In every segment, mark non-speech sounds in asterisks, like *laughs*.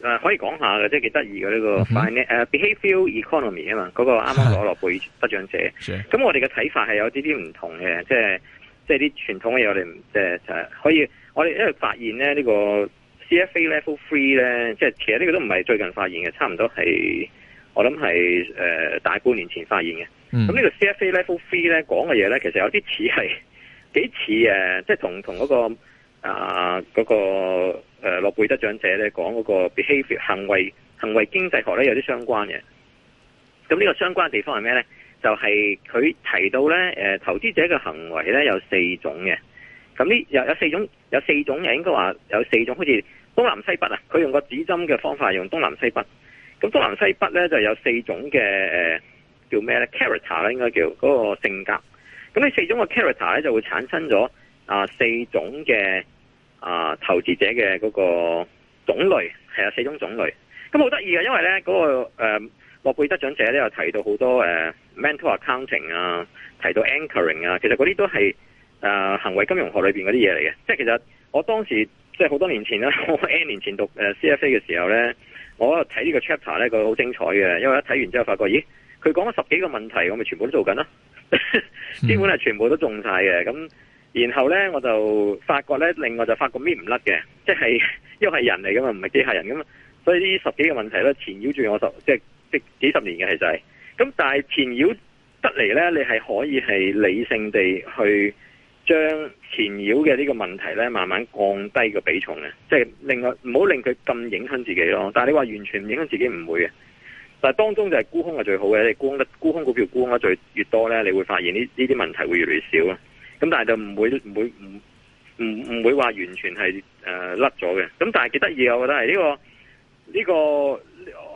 誒、呃，可以講下嘅，這個嗯 uh，即係幾得意嘅呢個，反誒，behavior economy 啊嘛，嗰個啱啱攞諾貝爾得獎者，咁我哋嘅睇法係有啲啲唔同嘅，即係即係啲傳統嘅嘢，我哋誒誒，可以，我哋因為發現咧呢，這個 CFA level three 咧，即係其實呢個都唔係最近發現嘅，差唔多係我諗係誒大半年前發現嘅。咁，嗯、呢個 CFA level three 咧講嘅嘢咧，其實有啲似係幾似誒，即係同同嗰個啊嗰個。呃那個誒、呃、諾貝爾獎者咧講嗰個 behavior 行為行為經濟學咧有啲相關嘅，咁呢個相關嘅地方係咩咧？就係、是、佢提到咧、呃、投資者嘅行為咧有四種嘅，咁呢有有四種有四種嘅應該話有四種好似東南西北啊，佢用個指針嘅方法用東南西北，咁東南西北咧就有四種嘅誒叫咩咧 character 咧應該叫嗰、那個性格，咁呢四種嘅 character 咧就會產生咗啊、呃、四種嘅。啊！投資者嘅嗰個種類係有、啊、四種種類，咁好得意嘅，因為咧嗰、那個誒、呃、諾貝爾獎者咧又提到好多誒、呃、mental accounting 啊，提到 anchoring 啊，其實嗰啲都係誒、呃、行為金融學裏邊嗰啲嘢嚟嘅。即、就、係、是、其實我當時即係好多年前啦我 N 年前讀 CFA 嘅時候咧，我睇呢個 chapter 咧，佢好精彩嘅，因為一睇完之後發覺，咦，佢講咗十幾個問題，我咪全部都做緊咯， *laughs* 基本係全部都中曬嘅咁。然後咧，我就發覺咧，另外就發覺咩唔甩嘅，即係因為係人嚟噶嘛，唔係機械人噶嘛，所以呢十幾個問題咧，纏繞住我十即即幾十年嘅係就係、是，咁但係纏繞得嚟咧，你係可以係理性地去將纏繞嘅呢個問題咧，慢慢降低個比重嘅，即係另外唔好令佢咁影響自己咯。但係你話完全唔影響自己，唔會嘅。但係當中就係沽空係最好嘅，你沽空得沽空股票沽空得最越多咧，你會發現呢呢啲問題會越嚟越少。咁但係就唔會唔會唔唔唔會話完全係誒甩咗嘅。咁、呃、但係幾得意，我覺得係呢、這個呢、這個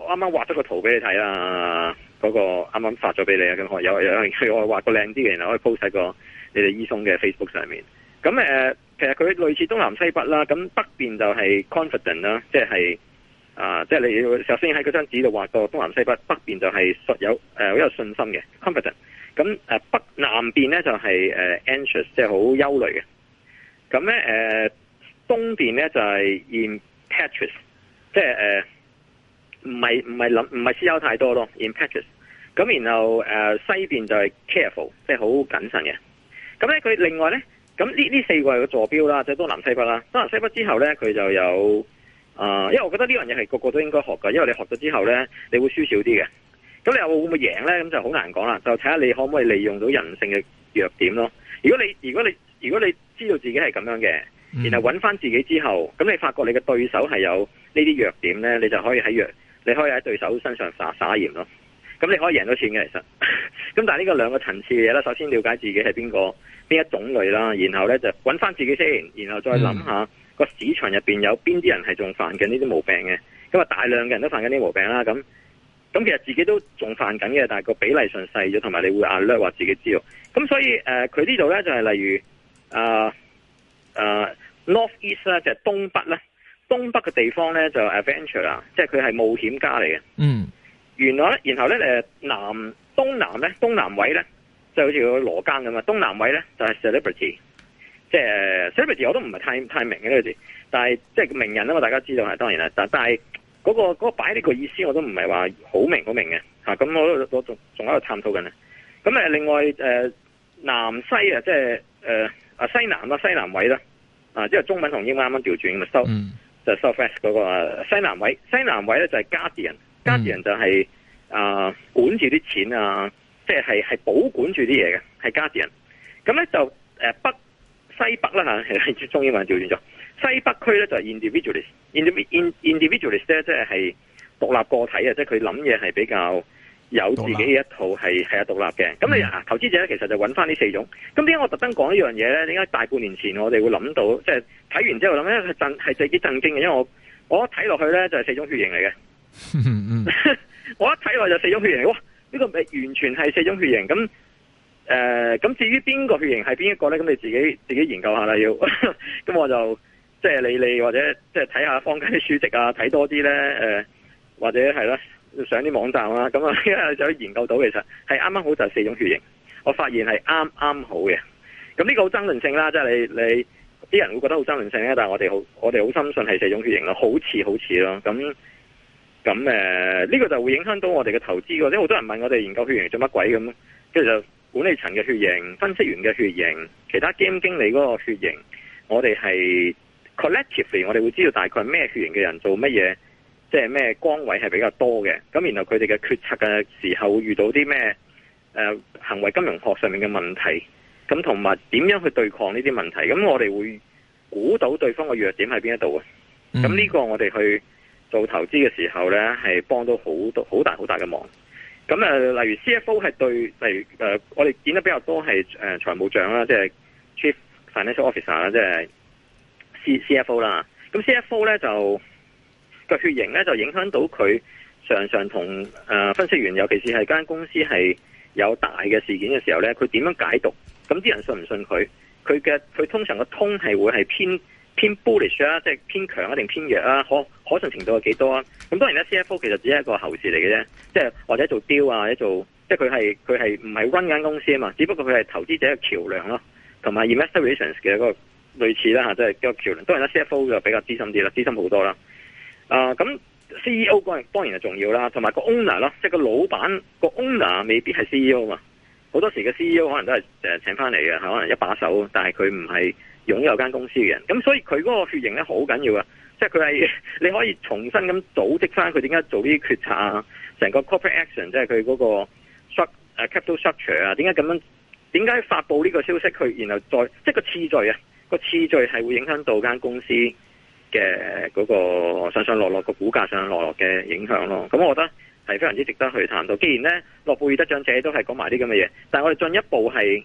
啱啱畫咗個圖俾你睇啦。嗰個啱啱發咗俾你啊。咁、那、我、個、有有，有我畫個靚啲嘅，然後可以 post 喺個你哋醫生嘅 Facebook 上面。咁誒、呃，其實佢類似東南西北啦。咁北邊就係 confident 啦、就是，即係啊，即、就、係、是、你首先喺嗰張紙度畫個東南西北。北邊就係有好、呃、有信心嘅 confident。咁誒北南邊咧就係誒 anxious 即係好憂慮嘅，咁咧誒東邊咧就係 impatient 即係誒唔係唔係諗唔係思考太多咯 impatient，咁然後誒西邊就係 careful 即係好謹慎嘅，咁咧佢另外咧咁呢呢四個係個坐標啦，即係東南西北啦，東南西北之後咧佢就有誒，因為我覺得呢樣嘢係個個都應該學噶，因為你學咗之後咧你會輸少啲嘅。咁你又會唔會贏呢？咁就好難講啦，就睇下你可唔可以利用到人性嘅弱點咯。如果你如果你如果你知道自己係咁樣嘅，然後揾翻自己之後，咁你發覺你嘅對手係有呢啲弱點呢，你就可以喺弱，你可以喺對手身上撒撒鹽咯。咁你可以贏到錢嘅，其實。咁 *laughs* 但係呢個兩個層次嘅嘢啦，首先了解自己係邊個，邊一種類啦，然後呢就揾翻自己先，然後再諗下個、嗯、市場入邊有邊啲人係仲犯緊呢啲毛病嘅，因為大量嘅人都犯緊呢啲毛病啦，咁。咁其實自己都仲犯緊嘅，但係個比例上細咗，同埋你會阿叻話自己知道。咁所以誒，佢、呃、呢度咧就係、是、例如誒誒、呃呃、North East 咧就係東北咧，東北嘅地方咧就 Adventure 啦，即係佢係冒險家嚟嘅。嗯，原來咧，然後咧南東南咧，東南位咧，即係好似個羅庚咁啊。東南位咧就係、是、Celebrity，即係 Celebrity 我都唔係太太明嘅呢、這個字，但係即係名人啦，我大家知道係當然啦，但但係。嗰、那個嗰、那個擺呢個意思我都唔係話好明好明嘅，咁、啊、我我仲仲喺度探討緊咧。咁另外誒、呃、南西、呃、西、南西南啊，即係誒、嗯就是那個、啊西南啦，西南位啦啊，即係中文同英文啱啱調轉咁啊收，就 southwest 嗰個西南位，西南位咧就係 guardian，guardian 就係、是、啊、呃、管住啲錢啊，即係係係保管住啲嘢嘅，係 guardian。咁咧就誒北西北啦係、啊、中英文調轉咗。西北區咧就係 individualist，individualist 咧即係獨立個體啊，即係佢諗嘢係比較有自己一套獨，係係有獨立嘅。咁你啊投資者咧，其實就搵翻呢四種。咁點解我特登講呢樣嘢咧？點解大半年前我哋會諗到？即係睇完之後諗咧，震係自己震驚嘅。因為我我一睇落去咧就係四種血型嚟嘅。 *laughs* *laughs* 我一睇落就四種血型，哇！呢、這個咪完全係四種血型咁。誒，咁、呃、至於邊個血型係邊一個咧？咁你自己自己研究下啦。要咁 *laughs* 我就。即、就、係、是、你你或者即係睇下方家啲書籍啊，睇多啲咧，誒、呃、或者係啦，上啲網站啊，咁啊就可以研究到。其實係啱啱好就係四種血型，我發現係啱啱好嘅。咁呢個好爭論性啦，即、就、係、是、你你啲人會覺得好爭論性咧，但係我哋好我哋好相信係四種血型啦好似好似咯。咁咁誒呢個就會影響到我哋嘅投資嘅。即好多人問我哋研究血型做乜鬼咁，跟住就管理層嘅血型、分析員嘅血型、其他 game 經理嗰個血型，我哋係。Collectively，我哋會知道大概係咩血型嘅人做乜嘢，即係咩崗位係比較多嘅。咁然後佢哋嘅決策嘅時候會遇到啲咩、呃、行為金融學上面嘅問題，咁同埋點樣去對抗呢啲問題？咁我哋會估到對方嘅弱點喺邊一度啊！咁、嗯、呢個我哋去做投資嘅時候咧，係幫到好多好大好大嘅忙。咁、呃、例如 CFO 係對，例如、呃、我哋見得比較多係呃、財務長啦，即係 Chief Financial Officer 啦，即係。C F O 啦，咁 C F O 咧就個血型咧就影響到佢常常同誒、呃、分析員，尤其是係間公司係有大嘅事件嘅時候咧，佢點樣解讀？咁啲人信唔信佢？佢嘅佢通常個 tone 係會係偏偏 bullish 啊，即係偏強啊，定偏弱啊？可可信程度有幾多啊？咁當然咧，C F O 其實只係一個喉舌嚟嘅啫，即、就、係、是、或者做 deal 啊，或者做即係佢係佢係唔係 run 間公司啊嘛？只不過佢係投資者嘅橋樑咯，同埋 investor relations 嘅一、嗰個類似啦嚇，即係叫個橋樑。當然啦，CFO 就比較資深啲啦，資深好多啦。啊、呃，咁 CEO 嗰樣當然就重要啦，同埋個 owner 啦即係個老闆、個 owner 未必係 CEO 嘛。好多時嘅 CEO 可能都係請翻嚟嘅，可能一把手，但係佢唔係擁有間公司嘅人。咁所以佢嗰個血型咧好緊要啊，即係佢係你可以重新咁組織翻佢點解做啲決策啊，成個 corporate action 即係佢嗰個 s h、啊、capital structure 啊，點解咁樣？點解發布呢個消息佢然後再即係個次序啊？個次序係會影響到間公司嘅嗰個上上落落，個股價上上落落嘅影響咯，咁我覺得係非常之值得去探討。既然呢，諾貝爾得獎者都係講埋啲咁嘅嘢，但係我哋進一步係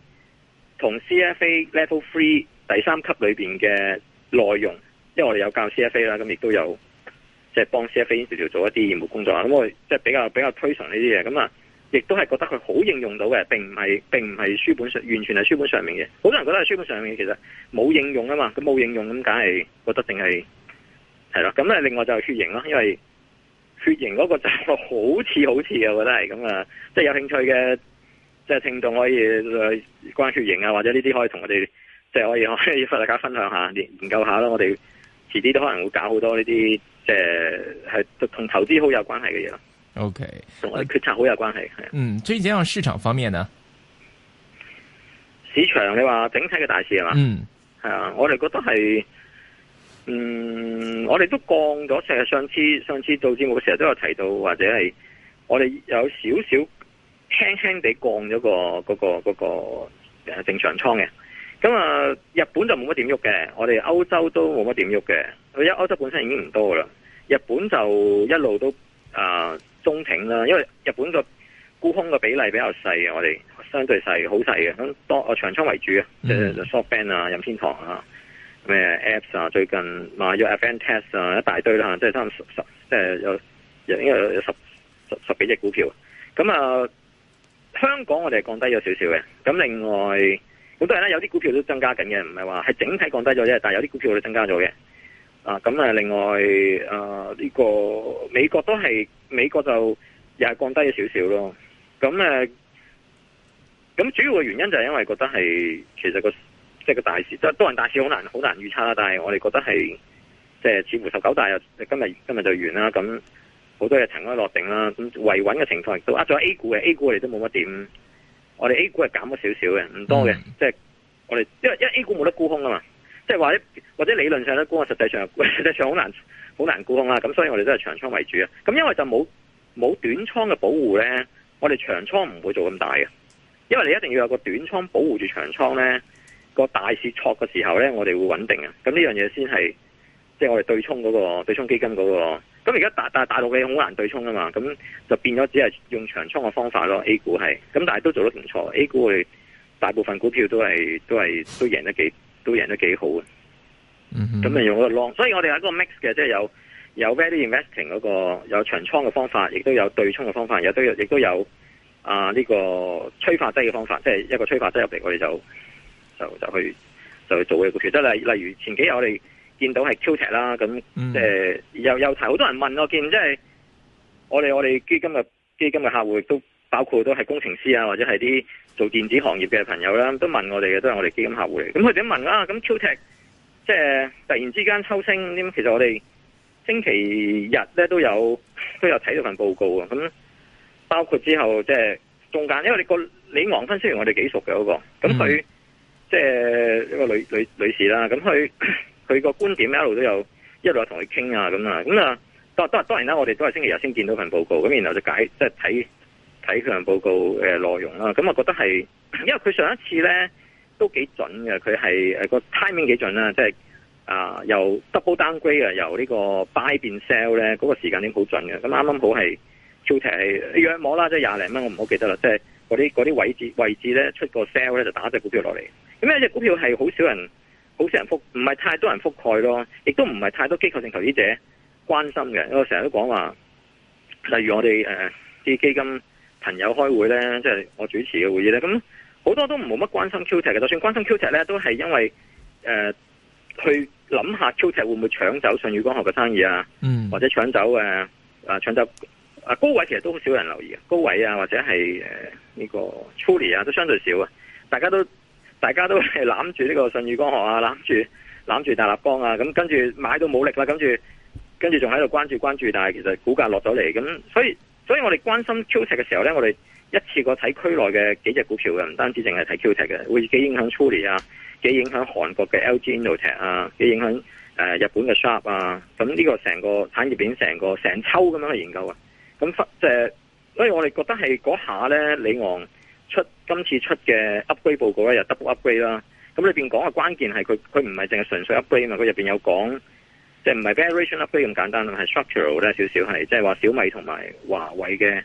同 CFA Level Three 第三級裏邊嘅內容，因為我哋有教 CFA 啦，咁亦都有即係幫 CFA Institute 做一啲業務工作，咁我即係比較比較推崇呢啲嘢，咁啊。亦都係覺得佢好應用到嘅，並唔係，並唔係書本上完全係書本上面嘅。好多人覺得係書本上面嘅，其實冇應用啊嘛。佢冇應用咁，梗係覺得淨係係啦。咁另外就係血型咯，因為血型嗰個就係好似好似啊。我覺得係咁啊，即係有興趣嘅即係聽眾可以關血型啊，或者呢啲可以同我哋即係可以可以同大家分享下，研究下咯。我哋遲啲都可能會搞好多呢啲，即係係同投資好有關係嘅嘢咯。OK，我哋決策好有關係，係嗯，最緊要市場方面呢？市場你話整體嘅大市係嘛？嗯，係啊，我哋覺得係，嗯，我哋都降咗，成日上次上次做節目成日都有提到，或者係我哋有少少輕輕地降咗，嗰個、嗰個、嗰個誒正常倉嘅。咁啊，日本就冇乜點喐嘅，我哋歐洲都冇乜點喐嘅，因為歐洲本身已經唔多啦。日本就一路都啊。呃中挺啦，因為日本個沽空嘅比例比較細，我哋相對細，好細嘅咁多啊，長倉為主啊，即、嗯、係 Softbank 啊，任天堂啊，咩 Apps 啊，最近買咗、啊、f a n t e s t 啊，一大堆啦、啊就是，即係差唔十即係有有應該有十十十幾隻股票，咁啊、呃，香港我哋係降低咗少少嘅，咁另外好多嘢咧，有啲股票都增加緊嘅，唔係話係整體降低咗啫，但係有啲股票都增加咗嘅。啊，咁另外誒，呢、啊這個美國都係美國就又係降低咗少少咯。咁、啊、誒，咁、啊啊、主要嘅原因就係因為覺得係，其實個即係個大市，即係多人大市好難好難預測啦。但係我哋覺得係，即係似乎十九大今日今日就完啦。咁、啊、好多嘢塵埃落定啦。咁、啊、維穩嘅情況亦都呃咗 A 股嘅 A 股我哋都冇乜點，嗯就是、我哋 A 股係減咗少少嘅，唔多嘅，即係我哋因為因為 A 股冇得沽空啊嘛。即係話咧，或者理論上咧估，實際上實際上好難好難估控啦。咁所以我哋都係長倉為主啊。咁因為就冇冇短倉嘅保護咧，我哋長倉唔會做咁大嘅。因為你一定要有個短倉保護住長倉咧，個大市挫嘅時候咧，我哋會穩定啊。咁呢樣嘢先係即係我哋對沖嗰個對沖基金嗰個。咁而家大大大陸嘅好難對沖啊嘛，咁就變咗只係用長倉嘅方法咯。A 股係咁，但係都做得唔錯。A 股我哋大部分股票都係都係都贏得幾都贏得幾好嘅，咁、嗯、咪用嗰個 long，所以我哋有嗰個 mix 嘅，即係有有 value investing 嗰、那個有長倉嘅方法，亦都有對沖嘅方法，亦都有亦都有啊呢、這個催化劑嘅方法，即係一個催化劑入嚟，我哋就就就去就去做一個。譬如例例如前幾日我哋見到係超跌啦，咁即係有有提，好多人問我見即係我哋我哋基金嘅基金嘅客戶亦都。包括都係工程師啊，或者係啲做電子行業嘅朋友啦、啊，都問我哋嘅，都係我哋基金客戶嚟。咁佢點問啦、啊？咁 QTech 即、就、係、是、突然之間抽升，咁其實我哋星期日咧都有都有睇到份報告啊。咁包括之後即係、就是、中間，因為你個李昂分雖然我哋幾熟嘅嗰、那個，咁佢即係一個女女女士啦、啊，咁佢佢個觀點一路都有，一路同佢傾啊咁啊咁啊。當當當然啦，我哋都係星期日先見到份報告，咁然後就解即係睇。就是睇佢嘅報告嘅內容啦，咁我覺得係，因為佢上一次咧都幾準嘅，佢係誒個 timing 幾準啦，即係啊、呃、由 double downgrade 啊，由呢個 buy 變 sell 咧，嗰、嗰個時間已經好準嘅，咁啱啱好係 quota 係約摸啦，即係廿零蚊，我唔好記得啦，即係嗰啲啲位置位置咧出個 sell 咧就打隻股票落嚟，咁呢隻股票係好少人好少人覆，唔係太多人覆蓋咯，亦都唔係太多機構性投資者關心嘅，因為成日都講話，例如我哋誒啲基金。朋友開會咧，即、就、係、是、我主持嘅會議咧，咁好多都唔冇乜關心 QT 嘅，就算關心 QT 咧，都係因為誒、呃、去諗下 QT 會唔會搶走信宇光學嘅生意啊，嗯、或者搶走誒誒搶走啊、呃、高偉其實都好少人留意嘅，高偉啊或者係誒呢個 Truly 啊都相對少啊，大家都大家都係攬住呢個信宇光學啊，攬住攬住大立邦啊，咁跟住買到冇力啦，跟住跟住仲喺度關注關注，但係其實股價落咗嚟咁，所以。所以我哋關心 QTE 嘅時候咧，我哋一次過睇區內嘅幾隻股票嘅，唔單止淨係睇 QTE 嘅，會幾影響 Truly 啊，幾影響韓國嘅 LG Electronics 啊，幾影響誒、呃、日本嘅 Sharp 啊，咁呢個成個產業鏈成個成抽咁樣去研究啊。咁即係，所以我哋覺得係嗰下咧，李昂出今次出嘅 Upgrade 報告咧，又 double Upgrade 啦。咁裏邊講嘅關鍵係佢，佢唔係淨係純粹 Upgrade 啊，佢入邊有講。即係唔係 variation upgrade 咁簡單啦，係 structural 咧少少係，即係話小米同埋華為嘅誒、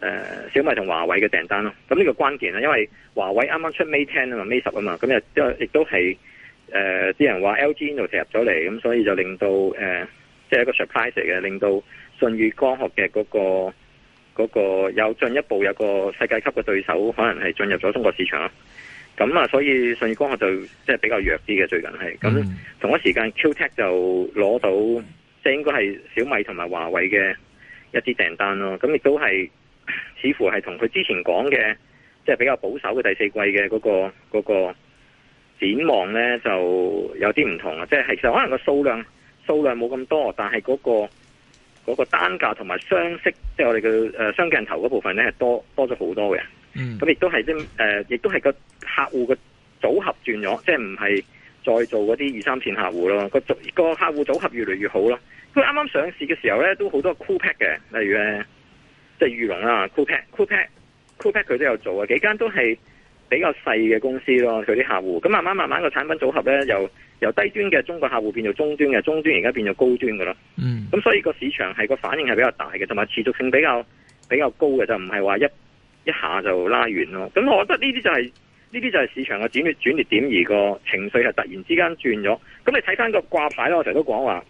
呃，小米同華為嘅訂單咯。咁呢個關鍵啦，因為華為啱啱出 Mate Ten 啊，Mate 十啊嘛，咁亦都亦都係誒，啲、呃、人話 LG 又入咗嚟，咁所以就令到誒，即、呃、係、就是、一個 surprise 嚟嘅，令到信譽光學嘅嗰、那個嗰、那個有進一步有一個世界級嘅對手，可能係進入咗中國市場。咁啊，所以信義光學就即係比較弱啲嘅，最近係咁、嗯、同一時間，Q Tech 就攞到即係應該係小米同埋華為嘅一啲訂單咯。咁亦都係似乎係同佢之前講嘅即係比較保守嘅第四季嘅嗰個嗰個展望咧，就有啲唔同啊！即係其實可能個數量數量冇咁多，但係嗰個嗰個單價同埋雙色，即係我哋嘅誒雙鏡頭嗰部分咧，係多多咗好多嘅。咁亦都係即誒，亦、呃、都係個客戶個組合轉咗，即係唔係再做嗰啲二三線客戶咯，個個客戶組合越嚟越好咯。咁啱啱上市嘅時候咧，都好多 Coolpad 嘅，例如咧即係宇龍啦，Coolpad、Coolpad、就是、Coolpad 佢 cool cool 都有做啊，幾間都係比較細嘅公司咯。佢啲客戶咁慢慢慢慢個產品組合咧，由由低端嘅中國客戶變做中端嘅，中端而家變咗高端噶囉。嗯，咁所以個市場係個反應係比較大嘅，同埋持續性比較比較高嘅，就唔係話一。一下就拉完咯，咁我覺得呢啲就係呢啲就係市場嘅轉轉捩點，而個情緒係突然之間轉咗。咁你睇翻個掛牌啦，我成日都講話，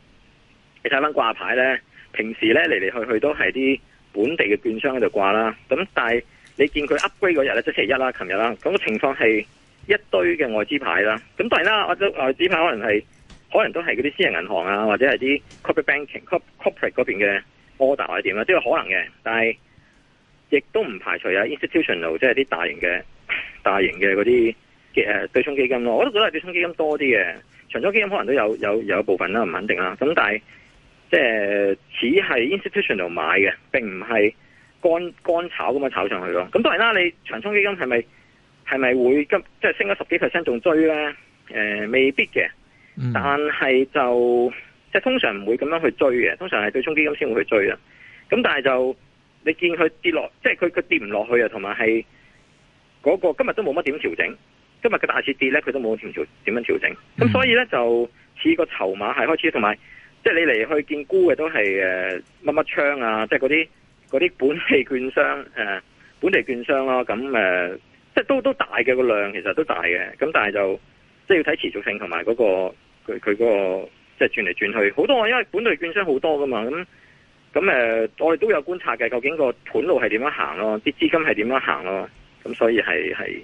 你睇翻掛牌呢，平時呢嚟嚟去去都係啲本地嘅券商喺度掛啦。咁但係你見佢 upgrade 嗰日呢，即星期一啦、琴日啦，咁個情況係一堆嘅外資牌啦。咁當然啦，我外外資牌可能係可能都係嗰啲私人銀行啊，或者係啲 corporate banking、corporate 嗰邊嘅 order 係點啊，都有可能嘅，但係。亦都唔排除有 institutional 即係啲大型嘅、大型嘅嗰啲嘅誒對沖基金咯，我都覺得對沖基金多啲嘅，長沖基金可能都有有有部分啦，唔肯定啦。咁但係即係似係 institutional 買嘅，並唔係乾乾炒咁樣炒上去咯。咁當然啦，你長沖基金係咪係咪會急、即係、升咗十幾 percent 仲追咧、呃？未必嘅、嗯。但係就即係通常唔會咁樣去追嘅，通常係對沖基金先會去追嘅。咁但係就。你見佢跌落，即係佢佢跌唔落去啊，同埋係嗰個今日都冇乜點調整。今日嘅大市跌咧，佢都冇點調點樣調整。咁、嗯、所以咧就似個籌碼係開始，同埋即係你嚟去見沽嘅都係誒乜乜槍啊，即係嗰啲嗰啲本地券商誒、呃、本地券商咯。咁、呃、誒即係都都大嘅個量，其實都大嘅。咁但係就即係要睇持續性同埋嗰個佢佢、嗰個即係、即係、轉嚟轉去好多，因為本地券商好多噶嘛咁。咁誒、呃，我哋都有觀察嘅，究竟個盤路係點樣行咯？啲資金係點樣行咯？咁所以係係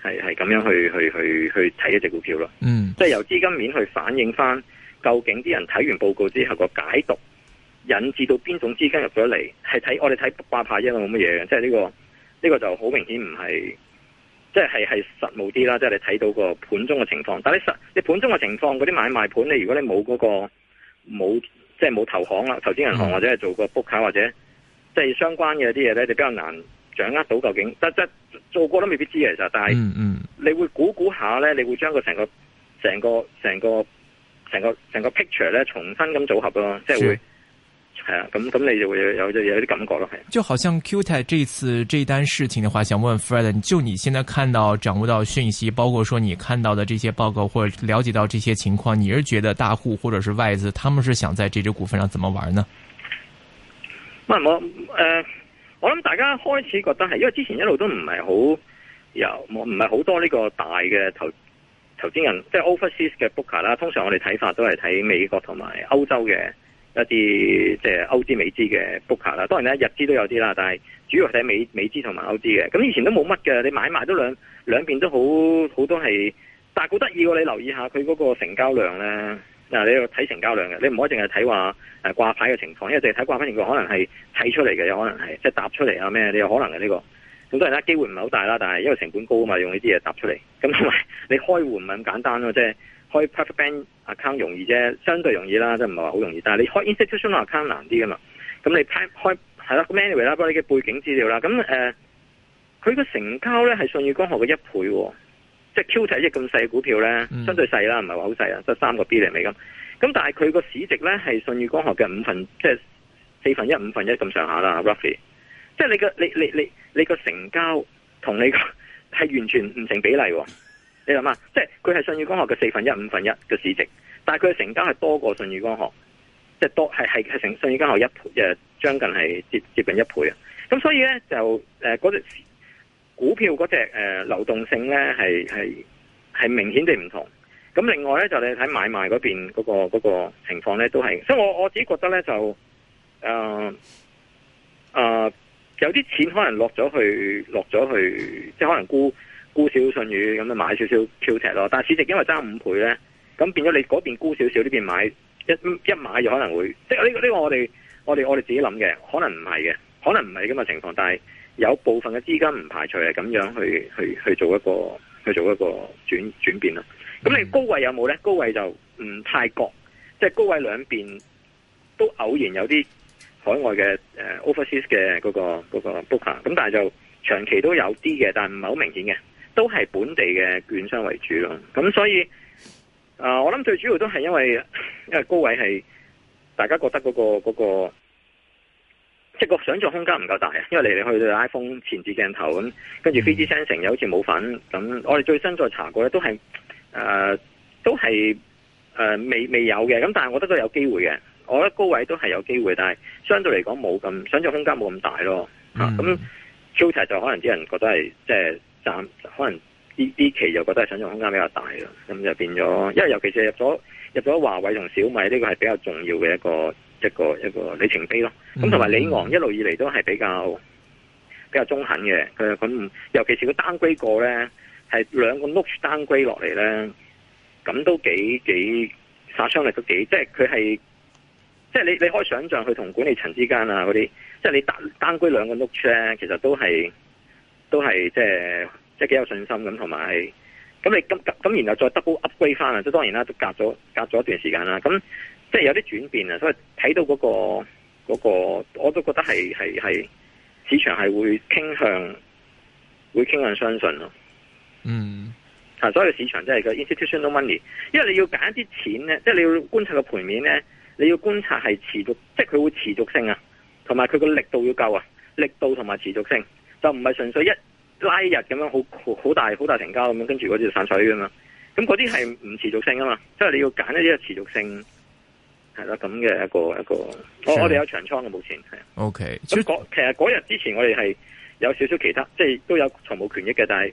係係咁樣去去去去睇一隻股票咯。嗯，即係由資金面去反映翻，究竟啲人睇完報告之後個解讀引致到邊種資金入咗嚟，係睇我哋睇八派一冇乜嘢，即係呢個呢、呢個就好明顯唔係，即係係實務啲啦。即係你睇到個盤中嘅情況，但係你實你盤中嘅情況嗰啲買賣盤，你如果你冇嗰、嗰個冇。即係冇投行啦，投資銀行或者係做個 book 卡或者即係相關嘅啲嘢咧，就比較難掌握到究竟。得得做過都未必知其實，但係你會估估下咧，你會將個成個成個成個成個成個 picture 咧重新咁組合咯，即係會。係啊，咁咁你就會有有啲感覺咯，係、啊。就好像 Q 太，這次這一單事情的話，想問 Fred，就你現在看到、掌握到訊息，包括說你看到的這些報告或者了解到這些情況，你是覺得大戶或者是外資，他們是想在這隻股份上怎麼玩呢？我誒、呃，我諗大家開始覺得係，因為之前一路都唔係好有，唔係好多呢個大嘅投投資人，即係 Overseas 嘅 Booker 啦。通常我哋睇法都係睇美國同埋歐洲嘅。一啲即係歐資美資嘅 book 下啦，當然咧日資都有啲啦，但係主要睇美美資同埋歐資嘅。咁以前都冇乜嘅，你買埋都兩兩邊都好好多係，但係好得意喎！你留意下佢嗰個成交量咧，嗱、啊、你要睇成交量嘅，你唔可以淨係睇話誒掛牌嘅情況，因為淨係睇掛牌情況可能係睇出嚟嘅，有可能係即係搭出嚟啊咩？你有可能嘅呢、這個咁當然咧機會唔係好大啦，但係因為成本高啊嘛，用呢啲嘢搭出嚟，咁同埋你開戶唔係咁簡單咯，即、就、係、是。開 perfect bank account 容易啫，相對容易啦，即係唔係話好容易。但係你開 institutional account 難啲噶嘛？咁你開係啦 anyway 啦，不過你嘅背景資料啦，咁誒，佢個成交咧，係信譽光學嘅一倍，即係 Q 七一，咁細嘅股票咧，相對細啦，唔係話好細啊，得三個 bid level 咁。咁但係佢個市值咧，係信譽光學嘅五分，即係四分一五分一咁上下啦，roughly。即係你個你你你你個成交同你個係 *laughs* 完全唔成比例啊。你諗下，即係佢係信宇光學嘅四分一、五分一嘅市值，但係佢嘅成交係多過信宇光學，即、就、係、是、多係係係成信宇光學一倍嘅，將近係接接近一倍啊！咁所以咧就誒嗰隻股票嗰隻誒流動性咧係係係明顯地唔同。咁另外咧就你睇買賣嗰邊嗰個、那個情況咧都係，所以我我自己覺得咧就誒誒、呃呃、有啲錢可能落咗去落咗去，即係可能沽。沽少少信宇咁就買少少票赤咯，但係市值因為爭五倍呢，咁變咗你嗰邊沽少少，呢邊買一一買又可能會，即係呢個呢個我哋我哋我哋自己諗嘅，可能唔係嘅，可能唔係咁嘅情況，但係有部分嘅資金唔排除係咁樣去去去做一個去做一個轉轉變咯。咁你高位有冇呢？高位就唔太覺，即係高位兩邊都偶然有啲海外嘅誒、呃、，overseas 嘅嗰、嗰個嗰、嗰個 booker，咁但係就長期都有啲嘅，但係唔係好明顯嘅。都係本地嘅券商為主咯，咁所以，誒、呃，我諗最主要都係因為因為高位係大家覺得嗰、嗰個、嗰個即係個想象空間唔夠大啊。因為嚟嚟去去 iPhone 前置鏡頭咁，跟住 Face Sensing 又好似冇份。咁，我哋最新再查過咧，都係誒、呃，都係誒、呃，未未有嘅。咁但係我覺得都有機會嘅。我覺得高位都係有機會，但係相對嚟講冇咁想象空間冇咁大咯。吓咁 sell 就可能啲人覺得係即係。就是站可能呢呢期又覺得想象空間比較大咯，咁就變咗，因為尤其是入咗入咗華為同小米，呢個係比較重要嘅一個一個一個里程碑咯。咁同埋李昂一路以嚟都係比較比較中肯嘅，佢咁尤其是個單歸個咧係兩個 notch 單歸落嚟咧，咁都幾幾殺傷力都幾，即係佢係即係你你可以想象佢同管理層之間啊嗰啲，即係你單單歸兩個 notch 咧，其實都係。都係即係即係幾有信心咁，同埋咁你咁咁咁，然後再 double upgrade 翻啊！即當然啦，都隔咗隔咗一段時間啦。咁即係有啲轉變啊，所以睇到嗰個嗰個，我都覺得係係係市場係會傾向會傾向相信咯。嗯，所以市場即係個 institutional money，因為你要揀一啲錢咧，即係你要觀察個盤面咧，你要觀察係持續，即係佢會持續性啊，同埋佢個力度要夠啊，力度同埋持續性。就唔係純粹一拉日咁樣好好大好大成交咁樣，跟住嗰啲就散水噶嘛。咁嗰啲係唔持續性㗎嘛，即係你要揀一啲持續性，係啦咁嘅一個一個。一個哦、我我哋有長倉嘅目前係 O K。咁、okay. 其實嗰日之前我哋係有少少其他，即係都有財務權益嘅，但係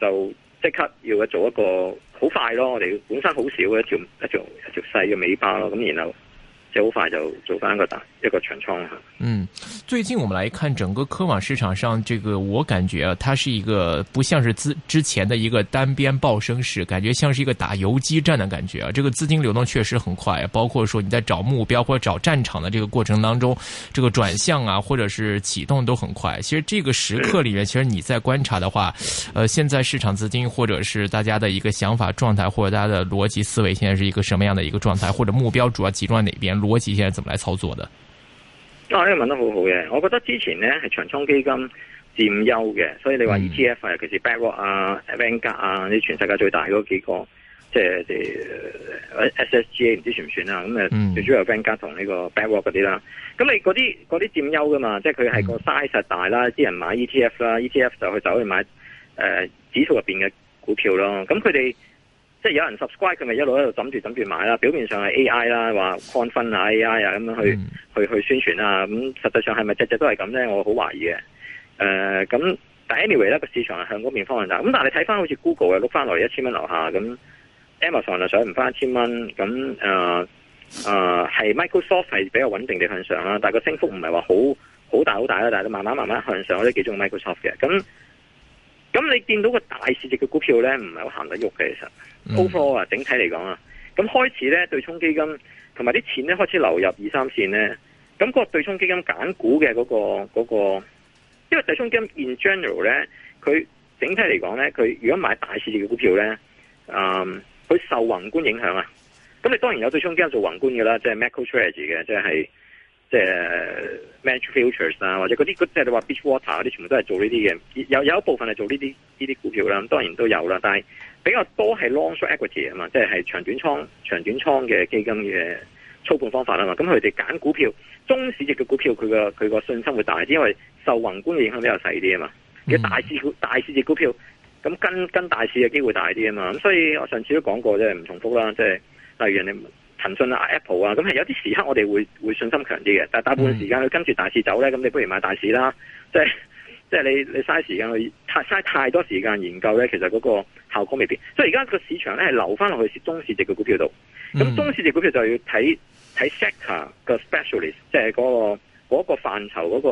就即刻要做一個好快咯。我哋本身好少嘅一條一條一條細嘅尾巴咯，咁然後。就好快就做翻一個大一個全倉嗯，最近我們來看整個科網市場上，這個我感覺啊，它是一個不像是之之前的一個單邊暴升式，感覺像是一個打游擊戰的感覺啊。這個資金流動確實很快，包括說你在找目標或者找戰場的這個過程當中，這個轉向啊，或者是啟動都很快。其實這個時刻裏面，其實你在觀察的話，呃，現在市場資金或者是大家的一個想法狀態或者大家的邏輯思維，現在是一個什麼樣的一個狀態，或者目標主要集中在哪邊？這個、邏輯現在怎麼來操作的？啊，呢、這個問得很好好嘅，我覺得之前呢係長倉基金佔優嘅，所以你話 E T F 啊、嗯，尤其是 BlackRock 啊、Vanguard 啊，呢、啊、全世界最大嗰幾個，即、呃、係 S S G A 唔知道是是算唔算啊？咁、嗯、誒最主要 Vanguard 同呢個 BlackRock 嗰啲啦，咁你嗰啲嗰啲佔優噶嘛，即係佢係個 size 大啦，啲、嗯、人買 E T F 啦、啊、，E T F 就去走去買誒、呃、指數入邊嘅股票咯，咁佢哋。即係有人 subscribe 佢咪一路喺度抌住抌住買啦，表面上係 AI 啦，話礦分啊 AI 啊咁樣去、mm. 去去宣傳啊，咁實際上係咪隻只都係咁咧？我好懷疑嘅。誒、呃，咁但 anyway 咧，個市場係向嗰邊方向走。咁但係你睇翻好似 Google 又碌翻落嚟一千蚊樓下咁，Amazon 又上唔翻一千蚊。咁誒誒，係、呃呃、Microsoft 係比較穩定地向上啦，但係個升幅唔係話好好大好大啦，但係慢慢慢慢向上。我都幾中意 Microsoft 嘅。咁咁你見到個大市值嘅股票咧，唔係好行得喐嘅，其實。overall、嗯、啊，整體嚟講啊，咁開始咧，對沖基金同埋啲錢咧開始流入二三線咧，咁個對沖基金揀股嘅嗰、嗰個嗰、嗰個，因為對沖基金 in general 咧，佢整體嚟講咧，佢如果買大市值嘅股票咧，嗯，佢受宏觀影響啊，咁你當然有對沖基金做宏觀嘅啦，即係 macro trade 嘅，即係。即係 managed futures 啊，或者嗰啲，即係你話 beach water 嗰啲，全部都係做呢啲嘅。有有一部分係做呢啲呢啲股票啦，當然都有啦，但係比較多係 long short equity 啊嘛，即係係長短倉長短倉嘅基金嘅操控方法啊嘛。咁佢哋揀股票，中市值嘅股票佢個佢個信心會大啲，因為受宏觀嘅影響比較細啲啊嘛。其實大市大市值股票咁跟跟大市嘅機會大啲啊嘛。咁所以我上次都講過啫，唔重複啦。即係例如人哋。騰訊啊、Apple 啊，咁係有啲時刻我哋會會信心強啲嘅，但係大部分時間去跟住大市走咧，咁你不如買大市啦。即係即係你你嘥時間去嘥太多時間研究咧，其實嗰個效果未必。所以而家個市場咧係流翻落去中市值嘅股票度，咁中市值股票就要睇睇 sector 嘅 specialist，即係嗰個嗰個範疇嗰個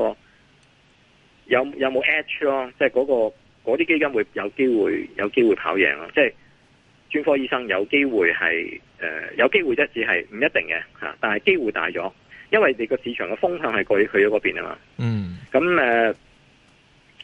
有有冇 edge 咯，即係嗰個嗰啲基金會有機會有機會跑贏咯，即係。專科醫生有機會係誒、呃，有機會即係唔一定嘅吓，但係機會大咗，因為你個市場嘅風向係過咗佢嗰邊啊嘛。嗯那，咁、呃、誒，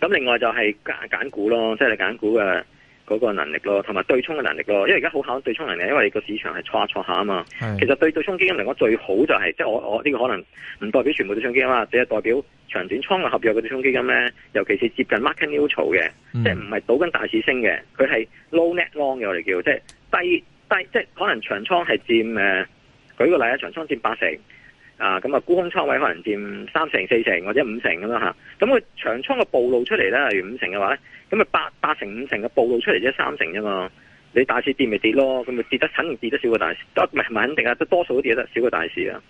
咁另外就係揀股咯，即係揀股嘅。嗰、那個能力咯，同埋對沖嘅能力咯，因為而家好考對沖能力，因為個市場係錯下錯下啊嘛。嗯、其實對對沖基金嚟講，最好就係、是、即係我我呢個可能唔代表全部對沖基金啦，只係代表長短倉嘅合約嘅對沖基金咧，尤其是接近 market neutral 嘅，嗯、即係唔係賭緊大市升嘅，佢係 low net long 嘅我哋叫，即係低低即係可能長倉係佔誒，舉個例啊，長倉佔八成。啊，咁啊，沽空倉位可能佔三成、四成或者五成咁啦嚇，咁佢長倉嘅暴露出嚟咧，例如五成嘅話咧，咁咪八八成五成嘅暴露出嚟只三成啫嘛，你大市跌咪跌咯，咁咪跌得肯定跌得少過大市，得唔係唔係肯定啊，多數都跌得少過大市啊。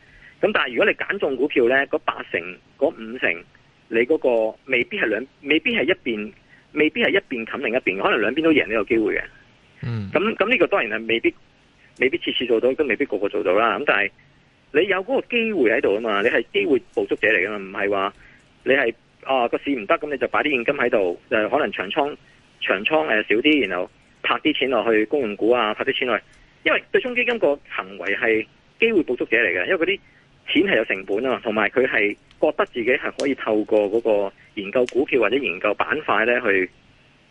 咁但係如果你揀中股票咧，嗰八成嗰五成，你嗰個未必係兩未必係一邊，未必係一邊冚另一邊，可能兩邊都贏都有機會嘅。咁咁呢個當然係未必，未必次次做到，都未必個個做到啦。咁、啊、但係。你有嗰個機會喺度啊嘛，你係機會捕捉者嚟噶嘛，唔係話你係啊，個市唔得咁你就擺啲現金喺度，就可能長倉長倉誒少啲，然後拍啲錢落去公用股啊，拍啲錢落去，因為對沖基金個行為係機會捕捉者嚟嘅，因為嗰啲錢係有成本啊嘛，同埋佢係覺得自己係可以透過嗰個研究股票或者研究板塊咧去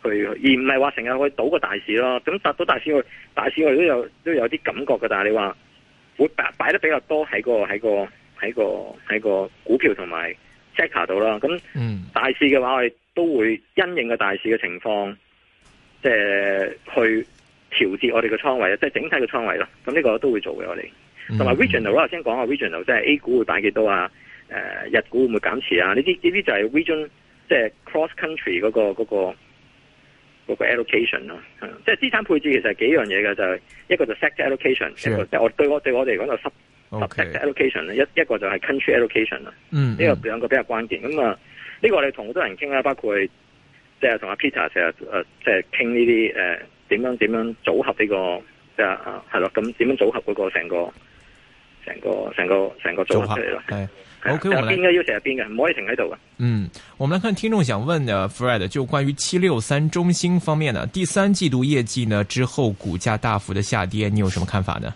去，而唔係話成日去賭個大市咯。咁達到大市，去，大市我哋都有都有啲感覺嘅，但係你話。會擺擺得比較多喺個喺個喺個喺個，個股票同埋 jetcar 度啦，咁大市嘅話我哋都會因應個大市嘅情況，即、就、係、是、去調節我哋嘅倉位，即、就、係、是、整體嘅倉位啦。咁呢個都會做嘅，還有 regional, mm-hmm. 我哋同埋 regional，我先講下 regional，即係 A 股會大幾多啊？誒、呃，日股會唔會減持啊？呢啲呢啲就係 r e g i o n 即係 cross country 嗰、那個個，那個嗰個 allocation 啦、嗯，即係資產配置其實係幾樣嘢嘅，就係、是、一個就 sector allocation，一個即係我對我對我哋講就 sub sector allocation，一一個就係 country allocation 啦、嗯嗯，呢個兩、嗯這個、個比較關鍵。咁、嗯、啊，呢、嗯這個我哋同好多人傾啦，包括即係同阿 Peter 成日即係傾呢啲點樣點樣組合呢、這個即係係咯，咁、呃、點樣組合嗰個成個成個成個成個組合出嚟咯。O K，變嘅要成日變嘅，唔可以停喺度嘅。嗯，我們來看聽眾想問嘅 Fred，就關於七六三中興方面嘅第三季度業績呢，之後股價大幅嘅下跌，你有什麼看法呢？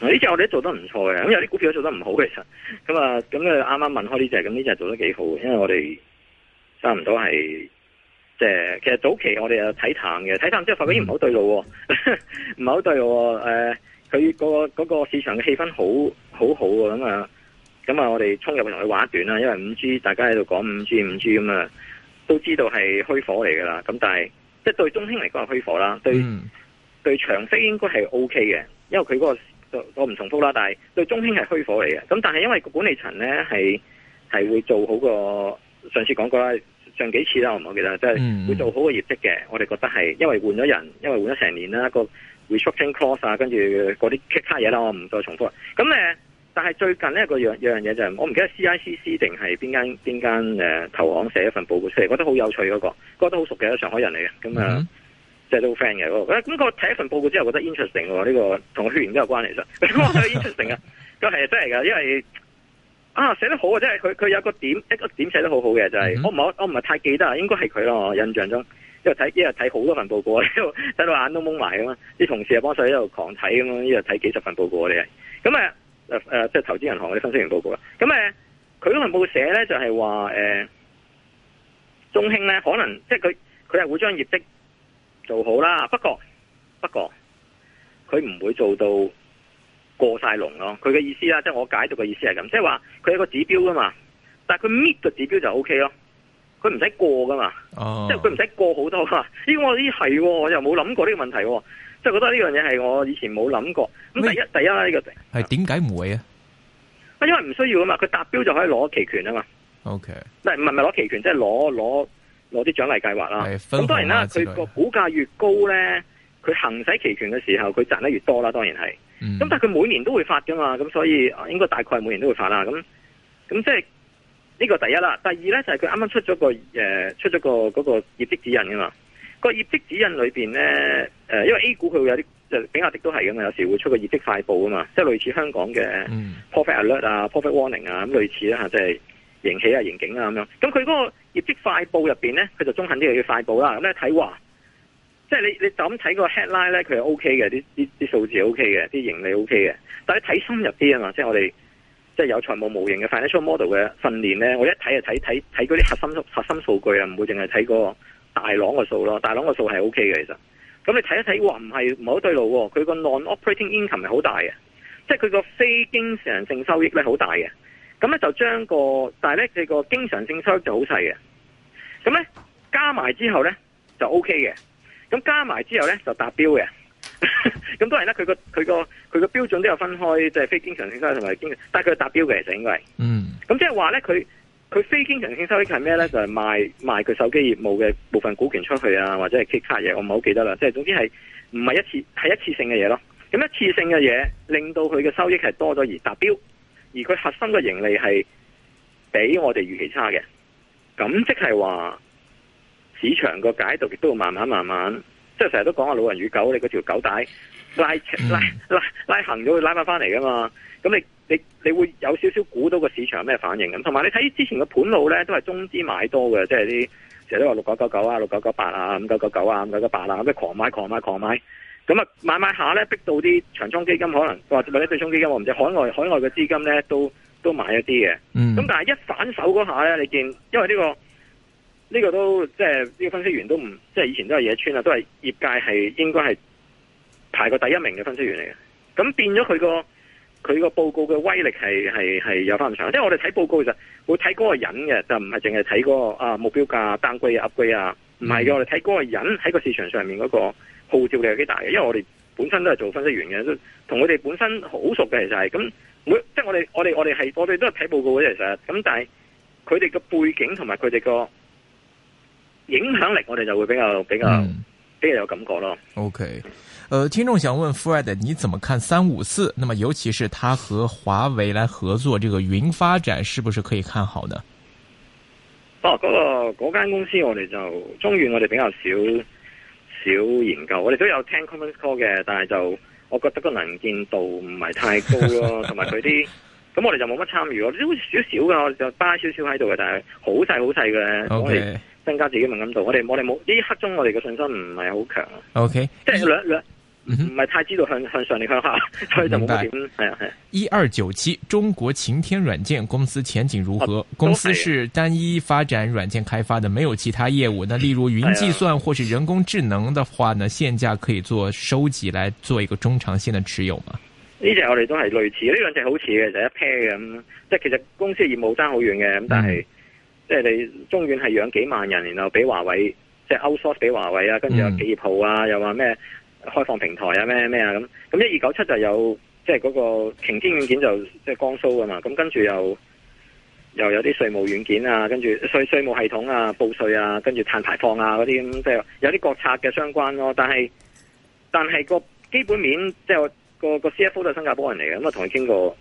呢隻我哋做得唔錯嘅，咁有啲股票做得唔好嘅，其實咁啊，咁啊啱啱問開呢隻，咁呢隻做得幾好，因為我哋差唔多係即係其實早期我哋啊睇淡嘅，睇淡之後發覺唔好對路，唔、嗯、好 *laughs* 對路，誒、呃，佢、那個嗰、嗰個市場嘅氣氛好好好嘅咁啊。嗯咁啊，我哋衝入去同佢話一段啦。因為五 G，大家喺度講五 G，五 G 咁啊，都知道係虛火嚟噶啦。咁但係，即係對中興嚟講係虛火啦。對、嗯、對長飛應該係 O K 嘅，因為佢嗰、嗰個我唔重複啦。但係對中興係虛火嚟嘅。咁但係因為個管理層咧係係會做好個，上次講過啦，上幾次啦，我唔好記得，即、就、係、是、會做好個業績嘅。我哋覺得係因為換咗人，因為換咗成年啦，個 restructuring cost 啊，跟住嗰啲其他嘢啦，我唔再重複。咁咧。呃但係最近呢個樣樣嘢就係、是、我唔記得 CICC 定係邊間邊間誒投行寫一份報告出嚟，覺得好有趣嗰、那個，覺得好熟嘅、那個、上海人嚟嘅，咁啊即係都好 friend 嘅嗰個。咁我睇一份報告之後，覺得 interesting 呢、這個同血緣都有關係，其實點解佢 interesting 啊？佢 *laughs* 係真係噶，因為啊寫得好啊，即係佢佢有個點一個點寫得好好嘅，就係、是 mm-hmm. 我唔係我唔係太記得啊，應該係佢咯，我印象中。因為睇一日睇好多份報告，睇 *laughs* 到眼都蒙埋咁嘛。啲同事啊幫手喺度狂睇咁樣，一日睇幾十份報告，我哋咁啊。誒、呃、即係投資銀行嗰啲分析員報告啦。咁誒，佢嗰份報寫咧就係、是、話，誒、呃，中興咧可能即係佢，佢係會將業績做好啦。不過，不過，佢唔會做到過晒龍咯。佢嘅意思啦，即係我解讀嘅意思係咁，即係話佢係個指標噶嘛，但係佢 meet 個指標就 O K 咯，佢唔使過噶嘛，oh. 即係佢唔使過好多。咦、哎，我呢係我又冇諗過呢個問題。即係覺得呢樣嘢係我以前冇諗過。咁第,第一，第一咧呢個係點解唔會啊？啊，因為唔需要啊嘛，佢達標就可以攞期權啊嘛。OK，唔係唔係攞期權，即係攞攞攞啲獎勵計劃啦。咁、啊、當然啦，佢個股價越高咧，佢行使期權嘅時候，佢賺得越多啦。當然係。咁、嗯、但係佢每年都會發噶嘛，咁所以應該大概每年都會發啦。咁咁即係呢個第一啦。第二咧就係佢啱啱出咗個誒、呃，出咗個嗰個業績指引噶嘛。那個業績指引裏邊咧，誒、呃，因為 A 股，佢會有啲，比亞迪都係噶嘛，有時會出個業績快報啊嘛，即係類似香港嘅 profit alert 啊、profit、mm. warning 啊咁類似啦、啊、吓，即、就、係、是、盈喜啊、盈警啊咁樣。咁佢嗰個業績快報入邊咧，佢就中肯啲叫快報啦。咁咧睇話，即係你你就咁睇個 headline 咧，佢係 O K 嘅，啲啲啲數字 O K 嘅，啲盈利 O K 嘅。但係睇深入啲啊嘛，即係我哋即係有財務模型嘅 financial model 嘅訓練咧，我一睇就睇睇睇嗰啲核心數、核心數據啊，唔會淨係睇個。大朗個數咯，大朗個數係 O K 嘅其實。咁你睇一睇，話唔係唔係好對路喎。佢個 non-operating income 係好大嘅，即係佢個非經常性收益咧好大嘅。咁咧就將個，但係咧佢個經常性收益就好細嘅。咁咧加埋之後咧就 O K 嘅。咁加埋之後咧就達標嘅。咁 *laughs* 當然啦，佢個佢個佢個標準都有分開，即係非經常性收益同埋經常，但係佢達標嘅其實應該係。嗯。咁即係話咧佢。佢非經常性收益係咩呢？就係、是、賣賣佢手機業務嘅部分股權出去啊，或者係其他嘢，我唔係好記得啦。即、就、係、是、總之係唔係一次係一次性嘅嘢咯。咁一次性嘅嘢令到佢嘅收益係多咗而達標，而佢核心嘅盈利係比我哋預期差嘅。咁即係話市場個解讀亦都要慢慢慢慢，即係成日都講話，老人與狗，你嗰條狗帶拉、嗯、拉拉拉行咗，拉翻翻嚟噶嘛？咁你。你你會有少少估到個市場有咩反應咁，同埋你睇之前個盤路咧，都係中資買多嘅，即係啲成日都話六九九九啊，六九九八啊，五九九九啊，五九九八啊，咁狂買狂買狂買，咁啊買買，買，一買一下咧，逼到啲長倉基金可能、嗯、或者或者對沖基金我唔知，海外海外嘅資金咧都都買一啲嘅，咁、嗯、但係一反手嗰下咧，你見因為呢、這個呢、這個都即係呢、這個分析員員都唔即係以前都係野村啊，都係業界係應該係排過第一名嘅分析員員嚟嘅，咁變咗佢個。佢個報告嘅威力係係係有返咁上下，因為我哋睇報告其實會睇嗰個人嘅，就唔係淨係睇嗰個啊目標價 downgrade 啊 upgrade 啊，唔係嘅，我哋睇嗰個人喺個市場上面嗰個號召力有幾大嘅，因為我哋本身都係做分析員嘅，都同佢哋本身好熟嘅其實係咁，每即係我哋我哋我哋係我哋都係睇報告嘅其實，咁但係佢哋嘅背景同埋佢哋個影響力，我哋就會比較比較、嗯、比較有感覺咯。O K。呃，聽眾想問 Fred，你怎麼看三五四？那麼尤其是他和華為來合作，這個雲發展是不是可以看好呢？啊，嗰、那個嗰間公司我哋就中遠，我哋比較少少研究，我哋都有聽 conference call 嘅，但係就我覺得個能見度唔係太高咯，同埋佢啲咁我哋就冇乜參與咯，都少少噶，我哋就 buy 少少喺度嘅，但係好細好細嘅，okay. 我哋增加自己敏感度，我哋我哋冇呢一刻中我哋嘅信心唔係好強。O、okay. K，即係唔唔係太知道向向上定向，向下，所以就冇點係啊係一二九七中國擎天軟件公司前景如何，啊啊？公司是單一發展軟件開發的，沒有其他業務。那例如雲計算或是人工智能的話呢，啊？現價可以做收集來做一個中長線的持有嗎？呢隻我哋都係類似，呢兩隻好似嘅就是，一 pair 咁，即，嗯，係其實公司業務爭好遠嘅咁，但係，嗯，即係你中院係養幾萬人，然後俾華為即係 outsource 俾華為啊，跟住有企業號啊，啊，又話咩？開放平台啊，咩咩啊咁咁一二九七就有即係嗰個擎天軟件就即係、就是、江蘇㗎嘛，咁跟住又又有啲稅務軟件啊，跟住稅稅務系統啊，報稅啊，跟住碳排放啊嗰啲咁，即係、就是、有啲國策嘅相關咯、啊。但係但係個基本面即係個個 CFO 都係新加坡人嚟嘅，咁啊同佢傾過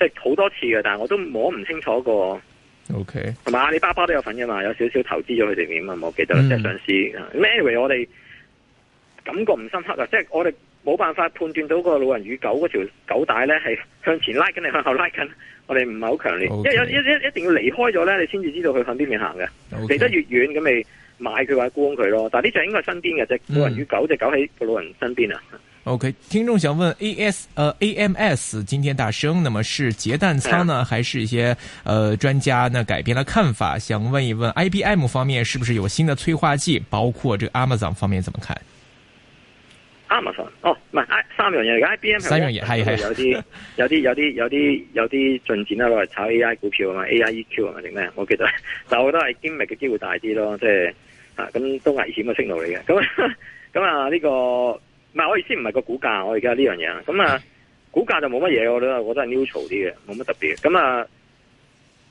即係好多次嘅，但係我都摸唔清楚個。O K 同埋阿里巴巴都有份㗎嘛，有少少投資咗佢哋面啊我記得即係上市。就是 mm. Anyway 我哋。感覺唔深刻啊，即係我哋冇辦法判斷到個老人與狗嗰條狗帶咧，係向前拉緊定向後拉緊。我哋唔係好強烈，okay. 因為有一一定要離開咗咧，你先至知道佢向邊邊行嘅。離、okay. 得越遠，咁咪買佢或者沽佢咯。但係呢隻應該係身邊嘅啫，老人與狗隻狗喺個老人身邊啦。O、okay, K，聽眾想問 A S，A M S，今天大升，那麼是結蛋倉呢，yeah. 還是一些誒專、呃、家呢改變了看法？想問一問 I B M 方面，是不是有新的催化劑？包括這個 Amazon 方面，怎麼看？Amazon 哦，唔係三樣嘢而家 IBM 係咪？三樣嘢係係有啲有啲有啲有啲有啲進展啦，攞嚟炒 AI 股票是是、就是、啊嘛，AI EQ 啊嘛，定咩我記得，但係我覺得係 Gemini 嘅機會大啲咯，即係啊咁都危險嘅出路嚟嘅。咁咁啊呢個唔係我意思，唔係個股價，我而家呢樣嘢啊。咁啊股價就冇乜嘢，我都係覺得係 neutral 啲嘅，冇乜特別。咁啊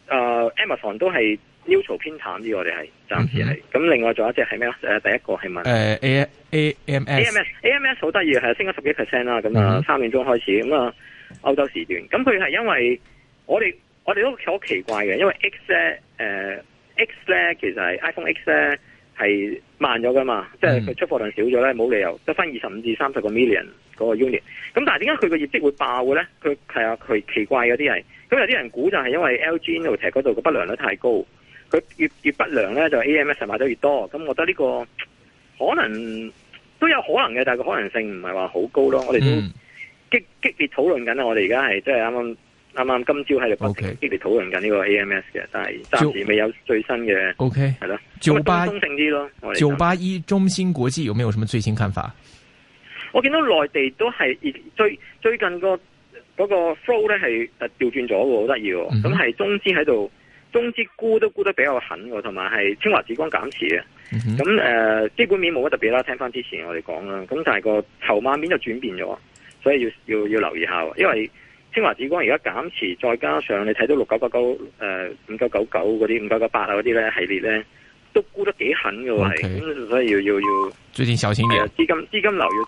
啊 Amazon 都係。U 淘偏淡啲，我哋係暫時係咁。嗯、另外仲有一隻係咩咧？第一個係問誒、呃、A M S A M S A M S 好得意，係升咗十幾 percent 啦。咁啊，嗯、三點鐘開始咁啊，歐洲時段。咁佢係因為我哋我哋都好奇怪嘅，因為 X 咧誒、呃、X 咧其實係 iPhone X 咧係慢咗㗎嘛，嗯、即係佢出貨量少咗咧，冇理由得返二十五至三十個 million 嗰個 unit。咁但係點解佢個業績會爆嘅咧？佢係啊，佢奇怪嗰啲係咁有啲人估就係因為 LG Innotek 嗰度個不良率太高。佢越越不良咧，就 A M S 賣得越多，咁我覺得呢、這個可能都有可能嘅，但係個可能性唔係話好高咯。我哋都激激烈討論緊啦，我哋而家係即係啱啱啱啱今朝喺度不停激烈討論緊呢個 A M S 嘅、okay,，但係暫時未有最新嘅。O K 係咯，九八、okay, 一點981中芯國際有冇有什麼最新看法？我見到內地都係最最近個嗰個 flow 咧係誒調轉咗嘅，好得意，咁、嗯、係中資喺度。中資沽都沽得比較狠嘅，同埋係清華紫光減持嘅。咁、嗯、誒、呃，基本面冇乜特別啦。聽翻之前我哋講啦，咁但係個籌碼面就轉變咗，所以要要要留意下。因為清華紫光而家減持，再加上你睇到六九八九誒五九九九嗰啲五九九八啊嗰啲咧係列咧，都沽得幾狠嘅，咁、okay、所以要要要最近小心啲。資、呃、金資金流入。